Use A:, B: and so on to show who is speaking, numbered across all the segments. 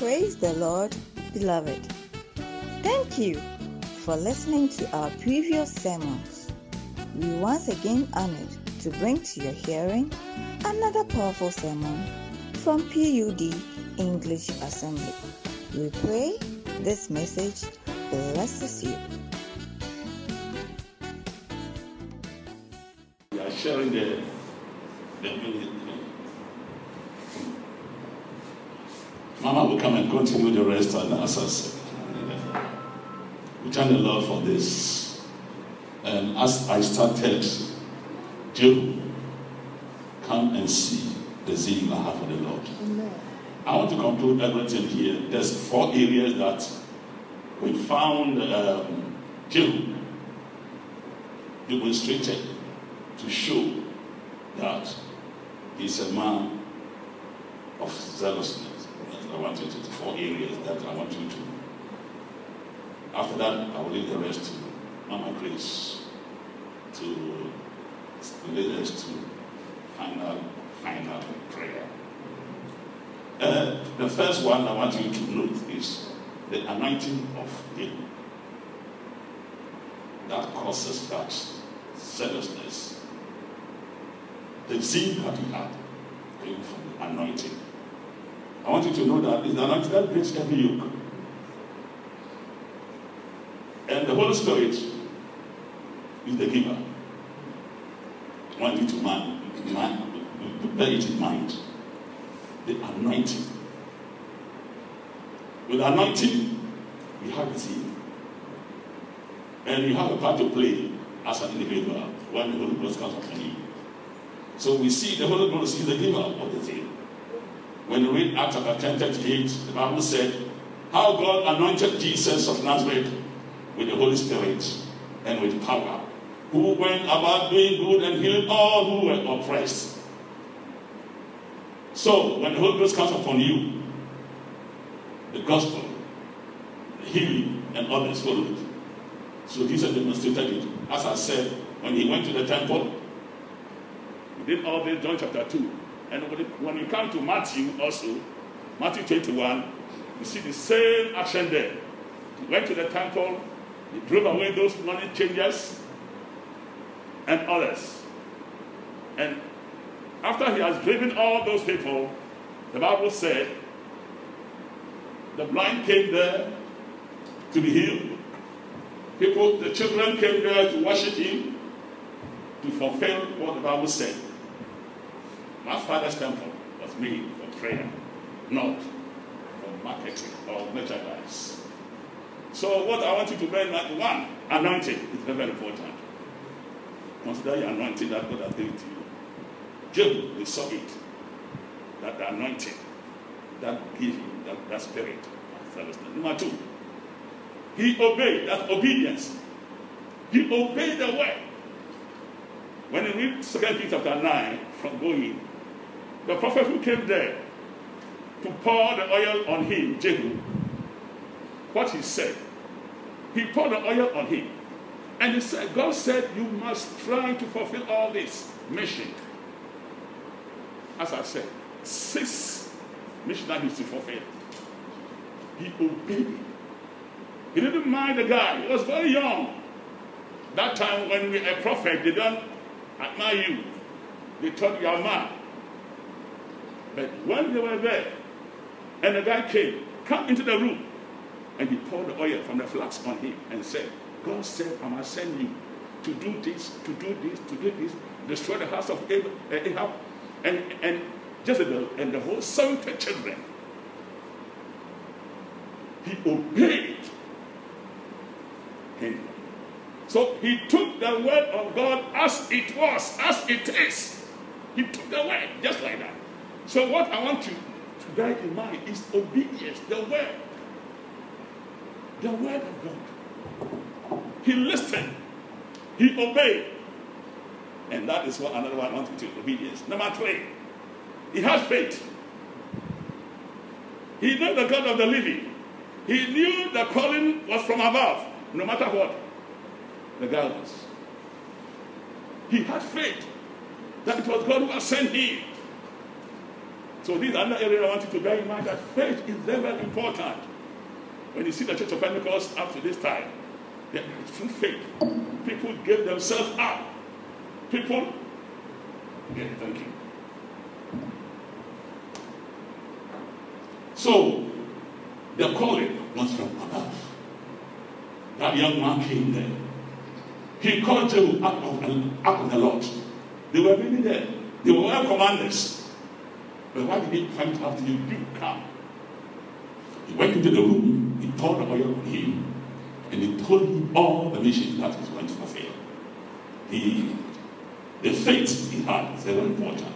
A: Praise the Lord, beloved. Thank you for listening to our previous sermons. We once again honored to bring to your hearing another powerful sermon from PUD English Assembly. We pray this message blesses you.
B: We are sharing the, the Mama will come and continue the rest and assess. Yeah. We thank the Lord for this. And as I started, Joe, come and see the zeal I have for the Lord. Amen. I want to conclude everything here. There's four areas that we found um, demonstrated to show that he's a man of zealousness. I want you to, the four areas that I want you to. After that, I will leave the rest to Mama Grace to lead us to final, final prayer. Uh, the first one I want you to note is the anointing of David that causes that seriousness. The zeal that he had came from the anointing. I want you to know that it's an actual breaks every yoke. And the Holy Spirit is the giver. want you to mind, mind, bear it in mind. The anointing. With anointing, we have a And we have a part to play as an individual when the Holy Ghost comes upon you. So we see the Holy Ghost is the giver of the thing. When you read Acts chapter 10, 38, the Bible said, How God anointed Jesus of Nazareth with the Holy Spirit and with power, who went about doing good and healing all who were oppressed. So, when the Holy Ghost comes upon you, the gospel, the healing, and others follow it. So, Jesus demonstrated it. As I said, when he went to the temple, he did all this, John chapter 2. And when you come to Matthew also, Matthew 21, you see the same action there. He went to the temple, he drove away those money changers and others. And after he has driven all those people, the Bible said, the blind came there to be healed. People, the children came there to worship him, to fulfill what the Bible said. Our father's temple was made for prayer, not for marketing or merchandise. So what I want you to bear in mind, one, anointing is very, very important. Consider your anointing that God has given to you. Job, we saw it. That the anointing, that giving, that, that spirit. Number two, he obeyed, that obedience. He obeyed the word. When you read 2 Peter chapter 9, from going the prophet who came there to pour the oil on him, Jehu, what he said, he poured the oil on him. And he said, God said, You must try to fulfill all this mission. As I said, six missions that needs to fulfill. He obeyed. He didn't mind the guy, he was very young. That time when we a prophet, they don't admire you. They thought you are mad. But when they were there, and the guy came, come into the room, and he poured the oil from the flask on him and said, God said, I must send you to do this, to do this, to do this, destroy the house of Ahab, uh, Ahab and, and Jezebel and the whole 70 children. He obeyed him. So he took the word of God as it was, as it is. He took the word just like that. So what I want you to guide in mind is obedience, the word. The word of God. He listened. He obeyed. And that is what another one wants to do, obedience. Number three, he had faith. He knew the God of the living. He knew the calling was from above, no matter what the God was. He had faith that it was God who had sent him. So this is another area I want you to bear in mind that faith is very, very important. When you see the Church of Pentecost up to this time, through faith, people gave themselves up. People, again, thank you. So, the calling was from above. That young man came there. He called them out of, out of the Lord. They were really there. They were well commanders. But why did he come after you did come? He went into the room, he poured oil on him, and he told him all the mission that was going to fulfill. He, the faith he had is very important.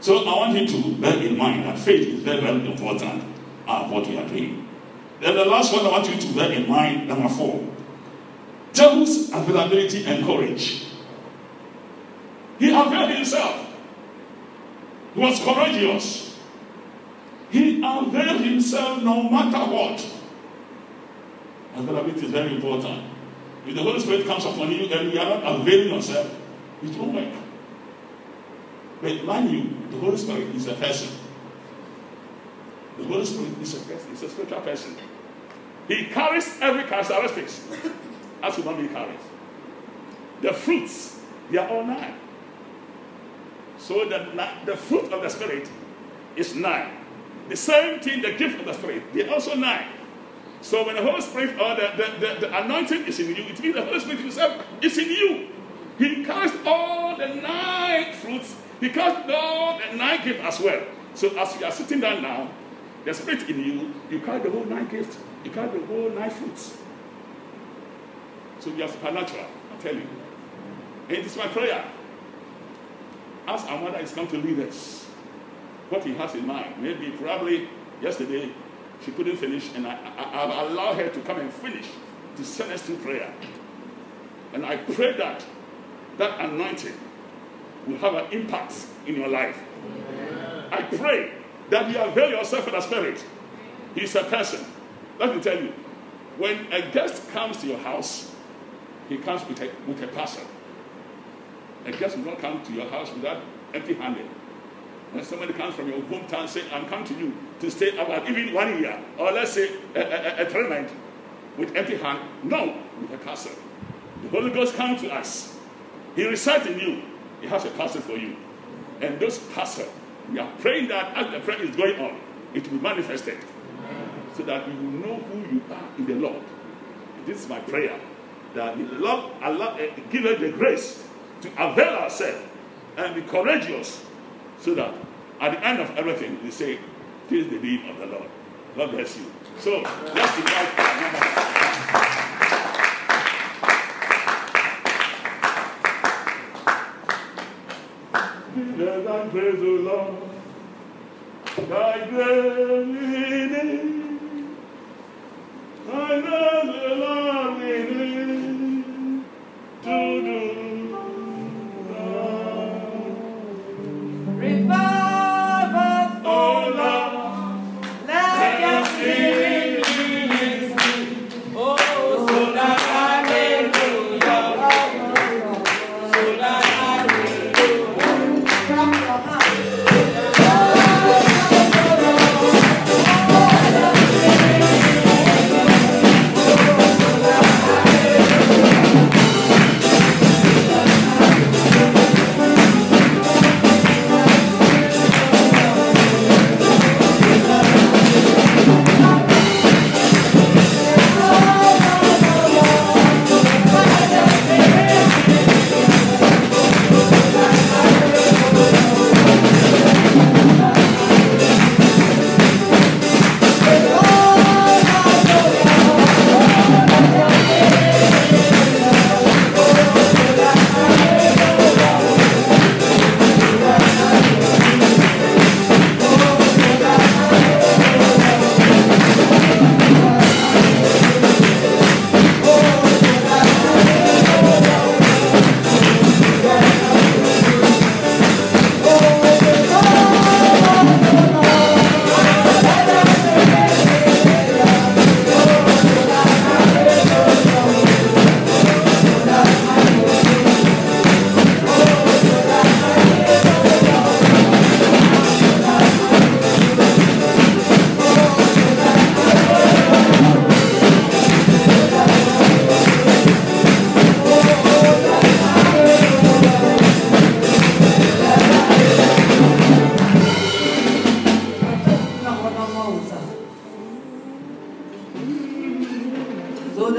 B: So I want you to bear in mind that faith is very, very important of uh, what we are doing. Then the last one I want you to bear in mind, number four. Jehu's availability and courage. He availed himself. was courageous. He availed himself no matter what. And that is very important. If the Holy Spirit comes upon you and you are not availing yourself, it won't work. But mind you, the Holy Spirit is a person. The Holy Spirit is a person, is a spiritual person. He carries every characteristics as human being carries. The fruits, they are all nine. So the, the fruit of the Spirit is nine. The same thing, the gift of the Spirit, they also nine. So when the Holy Spirit or the, the, the, the anointing is in you, it means the Holy Spirit Himself is in you. He cast all the nine fruits, He cast all the nine gifts as well. So as you are sitting down now, the Spirit in you, you carry the whole nine gifts, you carry the whole nine fruits. So you are supernatural, I tell you. And it is my prayer as our mother is come to lead us, what he has in mind, maybe probably yesterday she couldn't finish, and I, I, I allow her to come and finish to send us to prayer. And I pray that that anointing will have an impact in your life. Amen. I pray that you avail yourself of the Spirit. He's a person. Let me tell you, when a guest comes to your house, he comes with a, with a person a guest will not come to your house without empty handed. When somebody comes from your hometown saying, I'm coming to you to stay about even one year, or let's say a, a, a, with empty hand, no, with a castle. The Holy Ghost comes to us. He resides in you. He has a castle for you. And those castle, we are praying that as the prayer is going on, it will be manifested. So that you will know who you are in the Lord. This is my prayer. That the Lord allow, uh, give us the grace to avail ourselves and be courageous so that at the end of everything we say, Tis the name of the Lord. God bless you. So let's invite Give praise the Lord. Thy great name. I love the Lord in it.
A: दो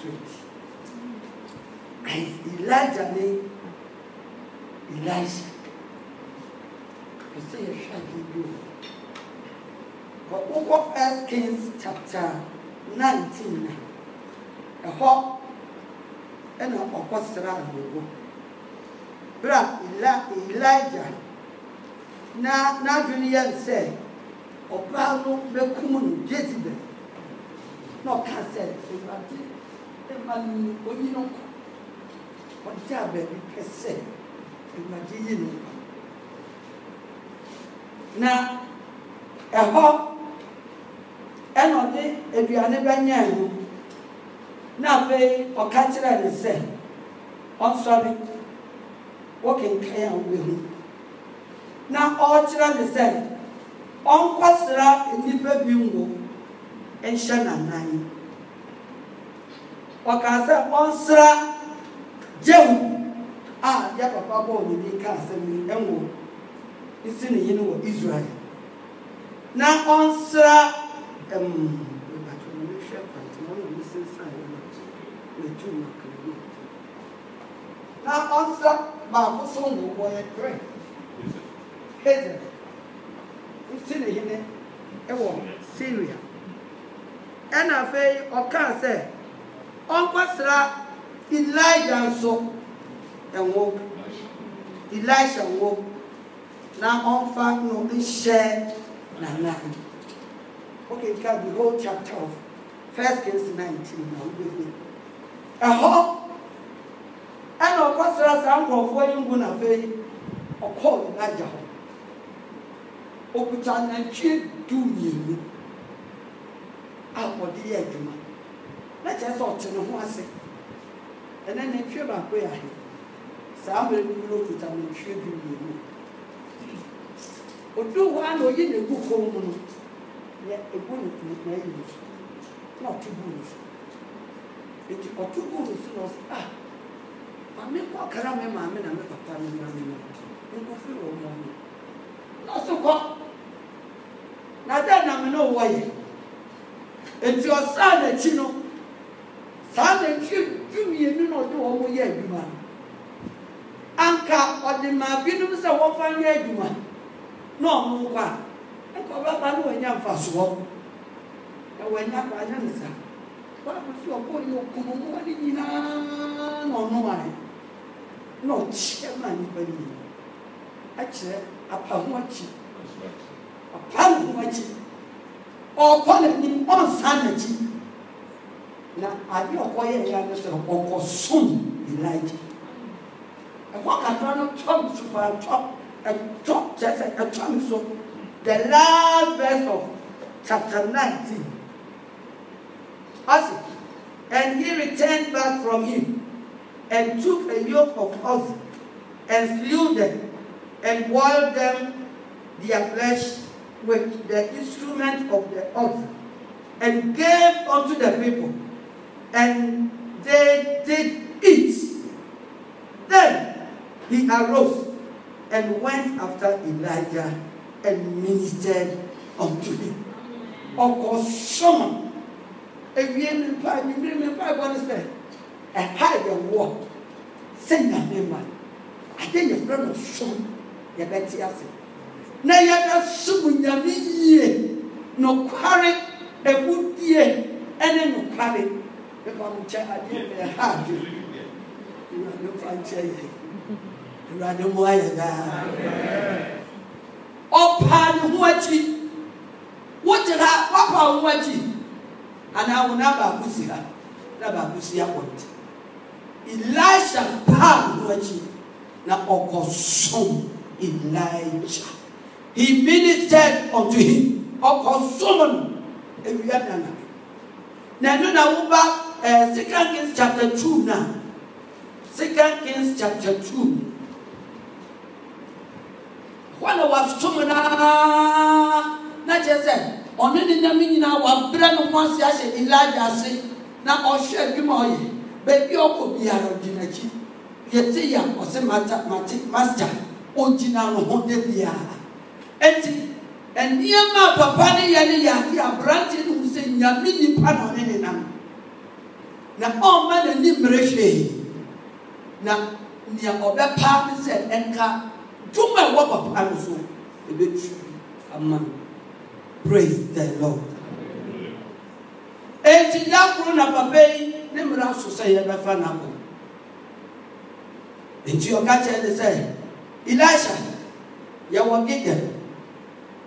A: truth. Elijah ni Elisha. Pèsè yẹ hwẹ́ bíbí o. Wọ́pọ̀ First Kings chapter nineteen na ɛhɔ ɛna ɔkɔsra agogo. Bere a Elijah na n'adwene yɛ nsɛ ɔbaa no bɛkum no Jezebel na ɔka sɛ ewurade. ɛmanu na ɛhɔ ɛna ɔde aduane bɛnyɛn no na afei ɔka kyerɛ ne sɛ ɔnsɔre wɔkenkan a na ɔrekyerɛ ne sɛ ɔnkɔsra nnipa bi ngo nhyɛ n'anan ọkasị ọnsra jewu a ah, ya papa bọọlụ dị ka asem ɛwɔ nsi ne yini wɔ israel na ɔnsra ɛm na mi hwɛ pàtó na ɔna mi sɛnsa na na tu na kiri na ɔnsra baako so ɔnkɔsra elija nso ɛnwo elija nwo na ɔnfa no nhyɛ nana okay ka the whole chapter of first kings nineteen na wobɛhu ɛhɔ ɛna ɔkɔsra saa nkurɔfoɔ yi ngu n'afɛn ɔkɔɔ elija hɔ okuta nantwie du mmienu a ɔde yɛ adwuma na kyerɛ sɛ ɔte ne ho ase ɛnɛ ne ntwie baako yɛ ahe saa mmerɛ no nyina ɔkuta ne ntwie bi mmienu ɔdu hɔ a na ɔyi ne gu kɔn mu no yɛ egu ne kunu na ayi ne so na ɔto gu ne so eti ɔto gu ne so na ɔsɛ ah maame kɔkara me maame na me papa me ma me ma nkɔfiri wɔn mu ɔmo na ɔso kɔ na dɛ na me na ɔwɔ yɛ eti ɔsaa n'akyi no saa nantwie du mmienu na ɔde wɔn yɛ adwuma no anka ɔde maa binom sɛ wɔfa nyɛ adwuma na ɔmo nkɔ a ɛkɔ ɔbɛba na wɔnya mfasoɔ na wɔnya kɔ anya ne sa wɔabɔ so ɔkɔ yɛ ɔkɔmɔ mu wɔn nyinaa na ɔno ayɛ na ɔkyeɛ ma nipa no nyinaa akyerɛ apa ho akyi apa ne ho akyi ɔkɔ n'anim ɔnsan n'akyi. na ade a ɔkɔyɛ yɛ no sɛ ɔkɔsom elija ɛhɔ kakra no twam so paa twam ɛtwɔ kyerɛ sɛ ɛtwam so the last verse of chapter nineteen ɔsi and he returned back from him and took a yoke of oxen and slew them and boiled them their flesh with the instrument of the ox, and gave unto the people and they did it. Then he arose and went after Elijah and ministered unto him. Ọkọ sọmọ ewie ne mpa ebibire ne mpa ebọ ne sẹ ẹha yẹ wọ sẹ nyame ma ade yẹ fẹ no sọm yẹ bẹ ti ase na yẹ no bẹ sọm nyame ye, and then no nokware. nipa mu kyɛ adeɛ bɛɛ haadi ewurade fa nkyɛ yɛ ewurade mu ne ho akyi wogyina wapa wo ho akyi anaa wo na baako si ha na baako si akɔnti elisha paa ne ho akyi na ɔkɔsom elijah he ministered unto him ɔkɔsom no ewia nana na ɛno na woba uh, Second Kings chapter 2 now. Second Kings chapter 2. Wala waftum na na kyerɛ ɔne ne nam nyinaa wabrɛ ne ho ase ahyɛ elija ase na ɔhwɛ adwuma ɔyɛ baabi a ɔkɔ biara ɔdi n'akyi yɛte yɛ ɔsɛ mata mate master ɔgyina ne ho de biara eti nneɛma papa ne yɛ ne yɛ ade aberante ne ho sɛ nyame nipa na ɔne ne na ɔmma n'ani mmerɛ hwee na nea ɔbɛpa ne sɛ ɛnka dwuma ɛwɔ papa no so ɛbɛtu ama praise the lord eti da na papa yi ne mmerɛ aso sɛ yɛbɛfa n'akɔ nti ɔka kyerɛ ne sɛ elisha yɛwɔ gidɛ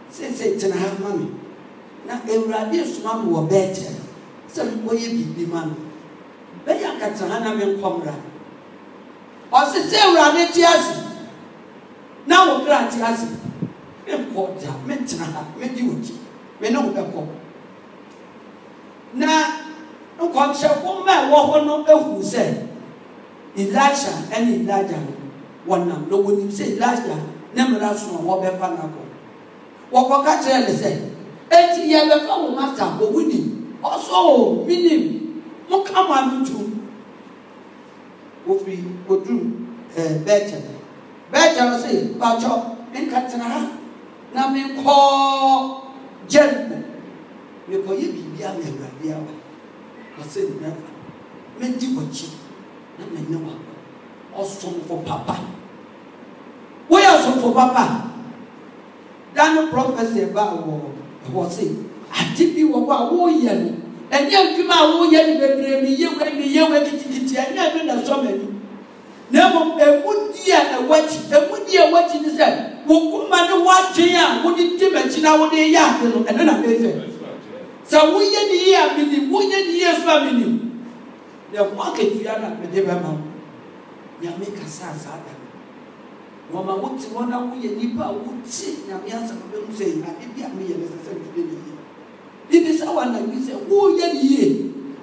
A: sese tena ha ma me na awurade soma me wɔ bɛɛkyɛ sɛ mekɔyɛ biribi ma no bɛyɛ akata ha na me ra, ɔsi sɛ awurade te ase na wo kra te ase me nkɔ da me ntena ha me di ogyi me ne wo bɛkɔ na nkɔmhyɛfo mma ɛwɔ hɔ no ehu sɛ elisha ɛne elija no wɔnam na wɔnim sɛ elija ne mmara so na wɔbɛfa n'akɔ wɔkɔ ka kyerɛ ne sɛ eti yɛ bɛfa wo mata owu nim ɔsɔ o minim mo ka mo ano tu wofiri odu ɛɛ bɛɛkyɛ bɛɛkyɛ no se baakyɛ mi nka tena ha na mi kɔ gyɛnbo mi kɔ yɛ biribi ama awurade awa ɔsɛ nnɛma mi di wɔkyi na mi ne wa ɔsomfo papa woyɛ ɔsomfo papa dan prɔfɛsɛ ba wɔ ɛwɔ se ade bi wɔ hɔ a wɔreyɛ no ɛnyɛ adwuma a wɔyɛ no bebree mi yie wɛ mi yie wɛ titititi ɛnyɛ no na sɔm ani na mmom emu di a ɛwɔ akyi emu di a ɛwɔ akyi ne sɛ wɔn kuma ne wɔatwe a wɔde di m'akyi na wɔde yɛ ade no ɛno na ɛyɛ sɛ wɔyɛ ne yie a mi nim wɔyɛ ne yie so a mi nim ɛho akatua na mɛde bɛma wo nyame kasa asa da wɔn a wɔte wɔn a wɔyɛ nipa a wɔte nyame asɛm bɛmu sɛ ade bi a meyɛ no sɛ sɛ mede ne yie bibisa wa na bi sɛ woyɛ ni yie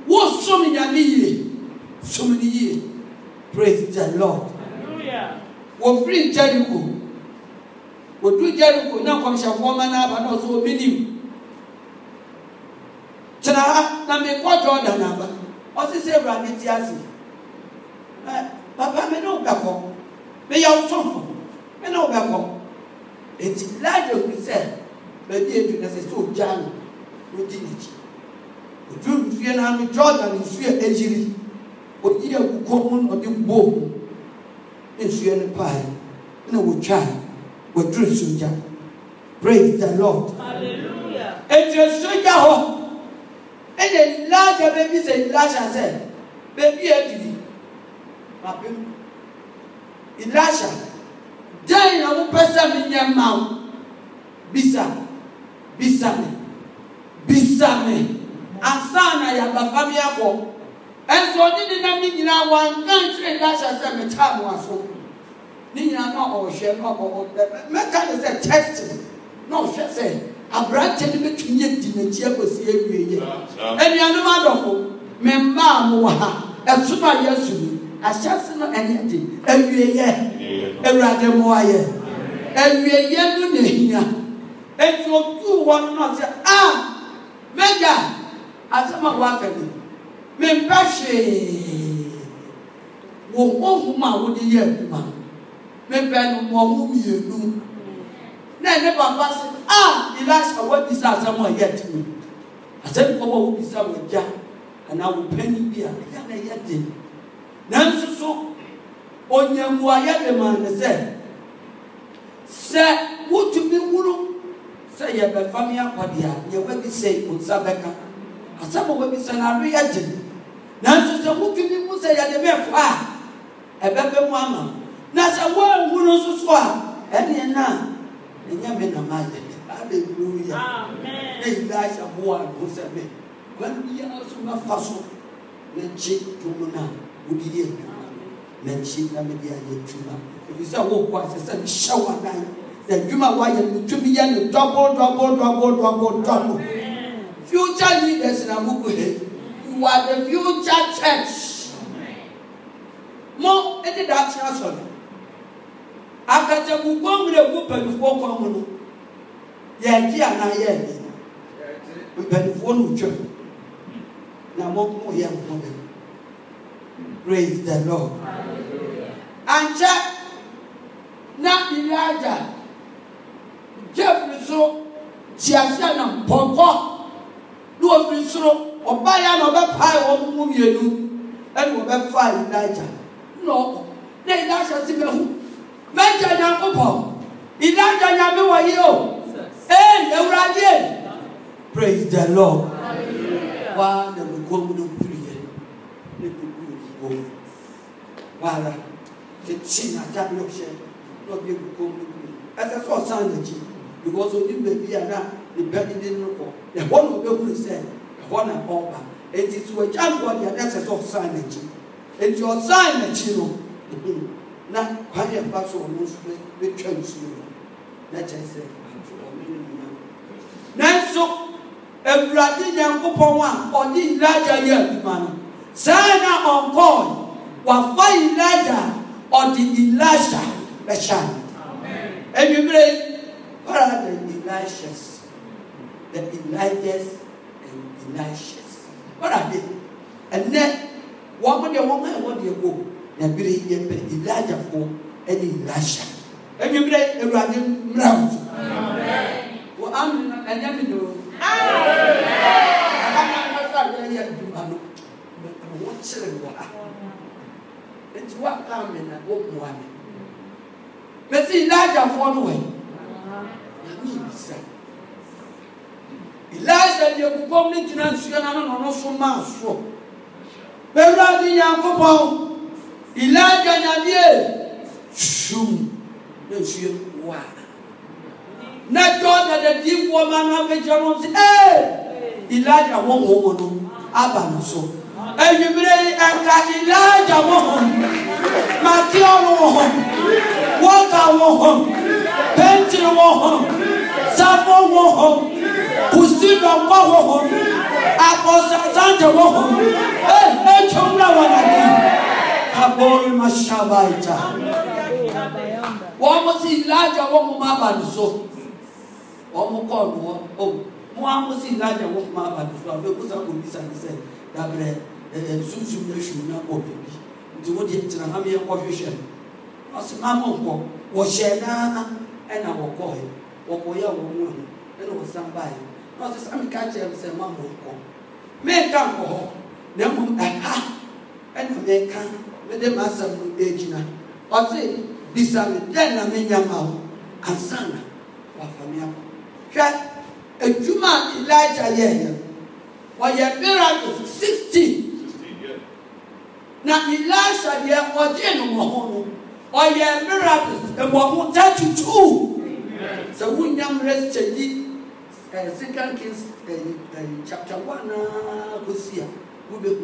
A: wosom nyame yie som ni yie praise the lord wofiri jericho wodu jericho na nkɔmhyɛfoɔ ma n'aba na ɔsɛ obi nim tena ha na mekɔ jordan aba ɔsi sɛ awurade ti ase papa mi ne wo bɛkɔ meyɛ wo sɔmfo mi ne wo bɛkɔ eti laajɛ fi sɛ baabi edu na sɛ sɛ ogya no wodi n'akyi odu nsuo n'ano jordan nsuo akyiri odi akukɔ mu na ɔde bɔ mu ne nsuo no paae na wotwa wɔduru sogya praise the lord etu sogya hɔ ɛna laagya baabi sɛ laagya sɛ baabi adiri mapem ilaahya dɛn na wopɛ sɛ menyɛ ma wo bisa bisa me bisa me ansa na yɛabafa me akɔ ɛnso ɔne ne nam ne nyinaa wanka nkyerɛ lahyɛ sɛ metaa mo aso ne nyinaa na ɔhwɛ na ɔbɔ mɛka ne sɛ test na ɔhwɛ sɛ aberanteɛ no bɛtumi yɛ di n'akyi akɔsi awie yɛ anuanom adɔfo me mmaa mo wɔ ha ɛso no a yɛasu no ahyɛse no ɛnyɛ de awie yɛ awurade mmoa yɛ awie yɛ no na ahia ɛnti ɔtuu hɔ no na ɔsɛ a megya asɛm ah, a waka no mempɛ hwee wo honhom a wode yɛ adwuma mempɛ no mmɔho mmienu na ne papa sɛ a elisa woabisa asɛm a ɛyɛ timi asɛm já a wobisa wagya ni wo panin bi a ɛyɛ na ɛyɛ den nanso so onyamuayɛ de ma ne sɛ sɛ wotumi wuro sɛ yɛbɛfa me akɔdeɛ a yɛbɛbisa yi wo nsa bɛka asɛm a wɔbisa no ano yɛ gye nanso sɛ wotumi mu sɛ yɛde bɛfa a ɛbɛbɛ mu ama na sɛ woanhu no nso so a ɛne no a ɛnyɛ me na maayɛ hallelujah na nyinaa hyɛ ho a ho sɛ me kwan biara so mafa so na gye to no a wode yɛ adwuma na gye na mede ayɛ adwuma ɛfiri sɛ wokɔ a sɛ sɛ mehyɛ w'adan The human wayɛ no tumi yɛ double double double double double future leaders in mo kure you are the future church mo ɛde da akyerɛ asɔ no akatabu gbɔnwere gu mpanyinfoɔ kɔn mu no yɛn ti ana yɛn ni mpanyinfoɔ no twɛ na mo mo yɛ mo bɛ praise the lord ankyɛ na iri agya kyɛfiri soro tiahyɛ na pɔnkɔ ne wɔfiri soro ɔbaayɛ na ɔbɛpae wɔn mu mmienu ɛna ɔbɛfa yi n'agya na ɔkɔ na yi n'ahyɛ si bɛhu mɛgya nyankopɔ yi n'agya nyame wɔ yi o ee ewurade praise the lord waa na mu kɔn mu na mu firi yɛ na mu gu mu yi wɔn waara kekyi na agya bi ɔhyɛ na ɔbi egu kɔn mu na mu yi ɛsɛ sɛ ɔsan n'akyi because obi baabi a na ne ba ne ne no kɔ ɛhɔ na ɔbɛhunu sɛ ɛhɔ na ɔba eti so agya nkɔ deɛ ɛsɛ sɛ ɔsan n'akyi eti ɔsan n'akyi no na kwan yɛ fa so ɔno nso bɛtwa nsuo no na kyerɛ sɛ ɔno ne nuna nanso awurade nyankopɔn a ɔde nlaagya yɛ adwuma no saa na ɔnkɔɔ wafa nlaagya ɔde nlaagya bɛhyɛ no enwimire. What are the Elishas? The Elijahs and Elishas. What are they? And then, wɔn day, one wɔn ayɛ wɔn deɛ ko na ebire yi yɛ pɛ Elijah fo ɛne Elisha. Ebi bire Ewurade mmira wo. Wɔ amu am ɛnyɛ mi do. Ɛna mmasa yɛ yɛ duma no. Mɛ wɔn kyerɛ wɔ ha. Nti wɔn aka mi na wɔn mu ami. Mɛ si Elijah fo no wɔ nyame ebisa elisa deɛ bubɔm ne gyina nsuo no ano na ɔno so maa soɔ bɛwura de nyankopɔn elisa nyameɛ sum na nsuo wa na tɔ dadadi wɔma no abɛgya no sɛ ee elisa wɔn wɔn no aba no so ewimire yi ɛka elija wɔ hɔ mateo wɔ hɔ wɔka wɔ hɔ pɛntiri wɔ hɔ. Atafo wɔ hɔ Kusinɔ kɔ wɔ hɔ Akɔsasante wɔ hɔ Ee etwa wura wɔ n'adi Kabori ma shabaita. Wɔn mo si ilaja wɔn mo ma ba ni so. Wɔn mo o. Mo a mo si ilaja ma ba ni so. Abe kusa ko bisa dabrɛ ɛɛ sunsun na su na bɔ bebi. Nti wo deɛ gyina ha mi yɛ kɔhwehwɛ. Ɔsi na mo nkɔ wɔhyɛ naana ɛna wɔkɔɔ yɛ wɔkɔyɛ wɔn mu no ɛna wɔsan baeɛ na ɔsɛ sami ka kyerɛ mi sɛ ma mo nkɔ meka nkɔ hɔ na mmom ɛha ɛna meka mede m'asɛm no egyina ɔsɛ bisa mi dɛn na menya ma wo ansana wafa mi akɔ hwɛ edwuma elija yɛɛyɛ ɔyɛ miracle sixteen na elija deɛ ɔde no wɔ ho no ɔyɛ miracle wɔ ho thirty two sɛ wonya mmerɛ kyɛyi second kings chapter one naa kɔsi a wobɛhu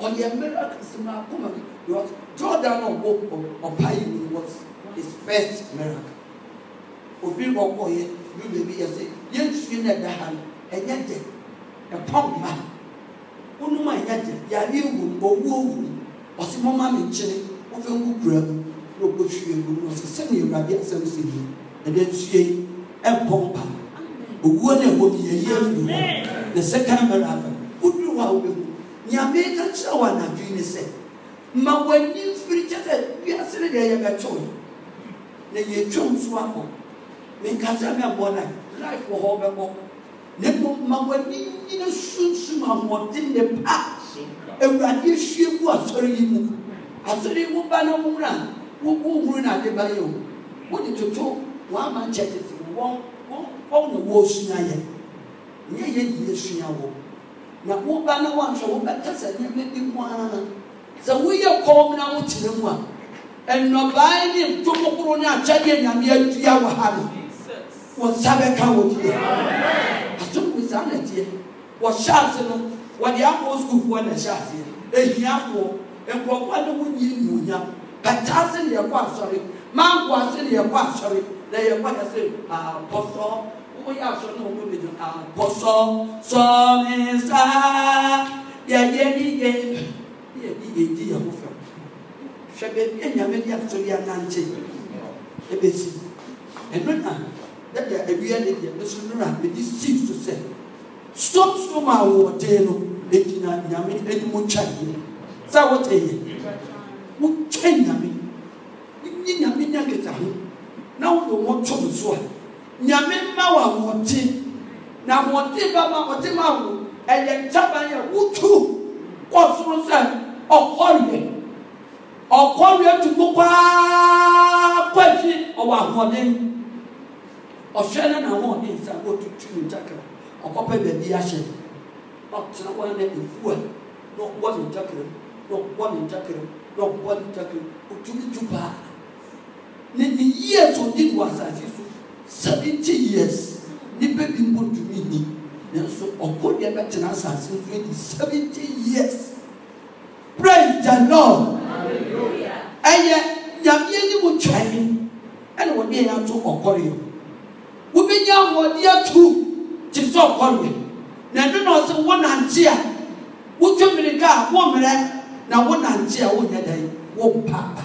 A: ɔyɛ miracles ma akoma because jordan ɔbɔ ɔpae ni was his first miracle obi ɔkɔɔyɛ bi baabi yɛ sɛ yɛnsuo no ɛda ha no ɛnyɛ dɛ ɛpɔn ma wonum a ɛnyɛ dɛ yare wom owuo wom ɔsi mɔma mi nkyene wofɛ ngu kura mu na ɔbɔ hwie gu mu na ɔsi sɛ awurade asɛm si yie ɛdɛ nsue ɛmpɔ mpa owuo na ɛwɔ bi yɛyi afiri hɔ the second miracle woduru hɔ a wobɛhu nyame ka kyerɛ wɔ anadwene ne sɛ ma w'ani mfiri kyɛ sɛ wiase ne deɛ yɛbɛtwo na yɛtwam so akɔ menkasa me abɔ na life wɔ hɔ bɛbɔ na mmom ma w'ani nyina sunsum ahoɔden ne pa awurade hwie gu asɔre yi mu asɔre yi woba na wohunu a wohunu na ade ba yɛ o wode toto one man churches wɔn wɔn wɔn na wɔresua yɛ nyɛ yɛ yie sua wɔ na woba na wɔnhwɛ wɔbɛkasa nneɛma bi mu ara sɛ woyɛ kɔm na wokyerɛ mu a nnɔbae ne ntomokoro ne akyɛdeɛ nyame adua wɔ ha no wɔn nsa bɛka wɔ deɛ asomkwi saa na teɛ wɔhyɛ ase no wɔde akɔ sukuufoɔ na ɛhyɛ aseɛ ehiafoɔ nkurɔfoɔ a ne wɔnyɛ nnuonyam pɛtaa se ne yɛkɔ asɔre mango ase ne yɛkɔ asɔre na yɛkɔka sɛ abɔsɔ woyɛ asɔ ne wo mɔmɛ gyina abɔsɔ sɔɔne saa yɛyɛ ni yɛ yɛ ni yɛ di yɛ ho fɛm hwɛ baabi enyame di ato yɛ anankye ebesi ɛno na dɛbi awia ne deɛ bɛ so nora bɛdi sii so sɛ sɔmsɔm a wɔɔden no egyina nyame anim twɛ yie sɛ wɔte yɛ wotwɛ nyame na wode wɔn to mo so a nyame ma wɔ ahoɔden na ahoɔden ba ma ahoɔden ma wo ɛyɛ ntaban a wotu kɔ soro sɛ ɔkɔreɛ ɔkɔreɛ tu ko paa kɔ akyi ɔwɔ ahoɔden ɔhwɛ ne na ahoɔden nsa wotutu ne ntakra ɔkɔpɛ baabi ahyɛ na ɔtena wɔn na efu a na ɔbɔ ne ntakra mu na ɔbɔ ne ntakra mu ne ntakra mu otumi tu paa ne ne years odi wɔ asase so seventy years nipa bi mbɔ dumi ni nanso ɔko deɛ bɛtena asase so edi seventy years praise the lord ɛyɛ nyameɛ ni mo twɛn ɛna wɔde yɛ ato ɔkɔre wobɛnya ahoɔden atu te sɛ ɔkɔre na ɛno na ɔsɛ wɔn nante a wotwa mirika a wɔn mmerɛ na wɔn nante a wɔn nyɛ dan wɔn paapa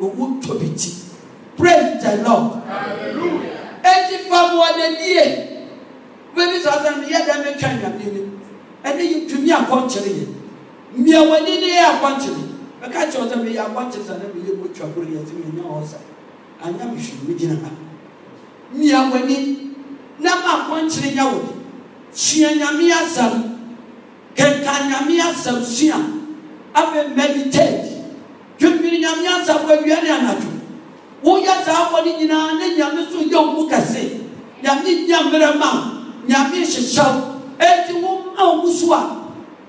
A: owu tɔ bi ti. Praise the Lord. Hallelujah. Ɛtifa mu ɔde nie. Bébí sọ sẹ́ni yẹ dẹ́ mi twẹ́ nyàmé ni. Ɛni yi tumi akɔnkyere yɛ. Mìàwọ̀ni ni yɛ akɔnkyere. Bẹ́ka kyerɛ sɛ mi yɛ akɔnkyere sɛ mi yɛ mo twa kuro yɛ sɛ mi nyɛ ɔsɛ. Anya mi hwi mi gyina ha. Mìàwọ̀ni na ma akɔnkyere nya wɔ bi. Sua nyàmé asɛm. Kẹ̀kẹ́ nyàmé asɛm sua. Afɛ meditate. Dwomiri nyàmé asɛm wɔ awia ne anadwo woyɛ saa bɔne nyinaa ne nyame so yɛ wo mu kɛse nyame nya mmerɛ ma nyame hyehyɛw eti wo ma wo so a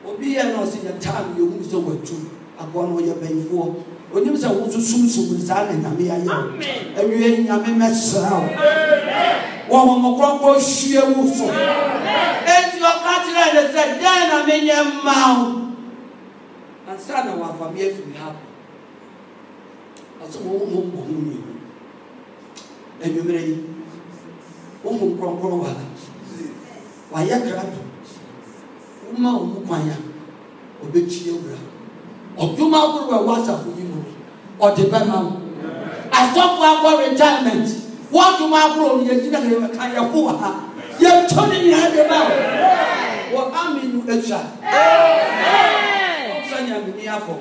A: obi yɛ na ɔsɛ yɛtaa no yɛhu sɛ watu aboa no ɔyɛ bayifoɔ onim sɛ wo so sumsum saa na nyame ayɛ wo awie nyame mɛsra wo wɔn mɔkɔnkɔ hwie wo so eti ɔka kyerɛ ne sɛ dɛn na menyɛ mma wo ansa na wafa me afiri ha ɔsɛ wɔwɔ bɔn mu anwummerɛ yi wohu nkorɔnkorɔ wa wayɛ krado woma wo mu kwan a ɔbɛkyi awura ɔdwuma ahorow a ɛwɔ asafo yi mu ɔde bɛma wo asɔfo akɔ retirement wɔdwuma ahorow no yɛgyina yɛka yɛho wɔ ha yɛtɔ ne nyinaa de ma wo wɔ amenu atwa ɔmfa nyameni afɔ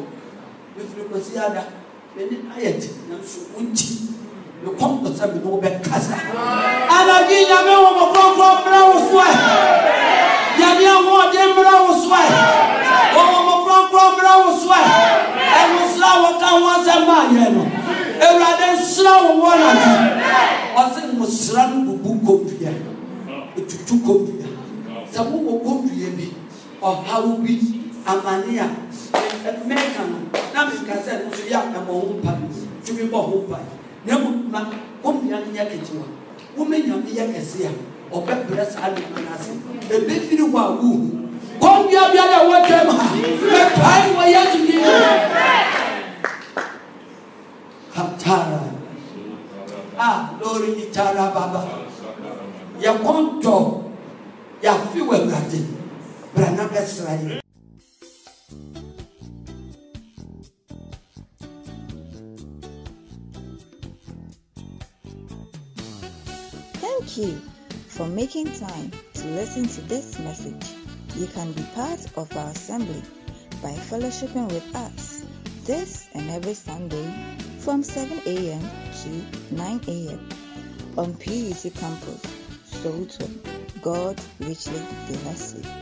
A: mefiri kɔsi ada mene ayɛ te nanso wonti mekɔmpɔ sɛ mene wobɛkasa anagye nyame womɔ kronkron brɛ wo so ɛ nyame ahoɔden brɛ wo so ɛ wɔwɔmɔ kronkron brɛ wo so ɛ ɛnosra wɔka ho asɛm a yɛ no awurade nsra wo wɔ nade ɔse mosra no bubu kɔdua ɛtutu kɔdua sɛ mowɔ kɔdua bi ɔhaw bi amane a mɛka no na meka sɛ no nso yɛ apɛmɔ wo mpa dwumi bɔ ho mpa na mu na womia no nyɛ ketewa woma nyame yɛ kɛse a ɔbɛbrɛ saa nneɛma no ase ɛbɛfiri hɔ a wohu kɔmbia biara a ɛwɔ dwam ha mɛpae wɔ yɛsu din katara a lori itara baba yɛ kɔntɔ yɛafe wɔ awurade bra na bɛsra yɛ Thank you for making time to listen to this message. You can be part of our assembly by fellowshipping with us this and every Sunday from 7 a.m. to 9 a.m. on PUC campus, Soweto. God richly bless you.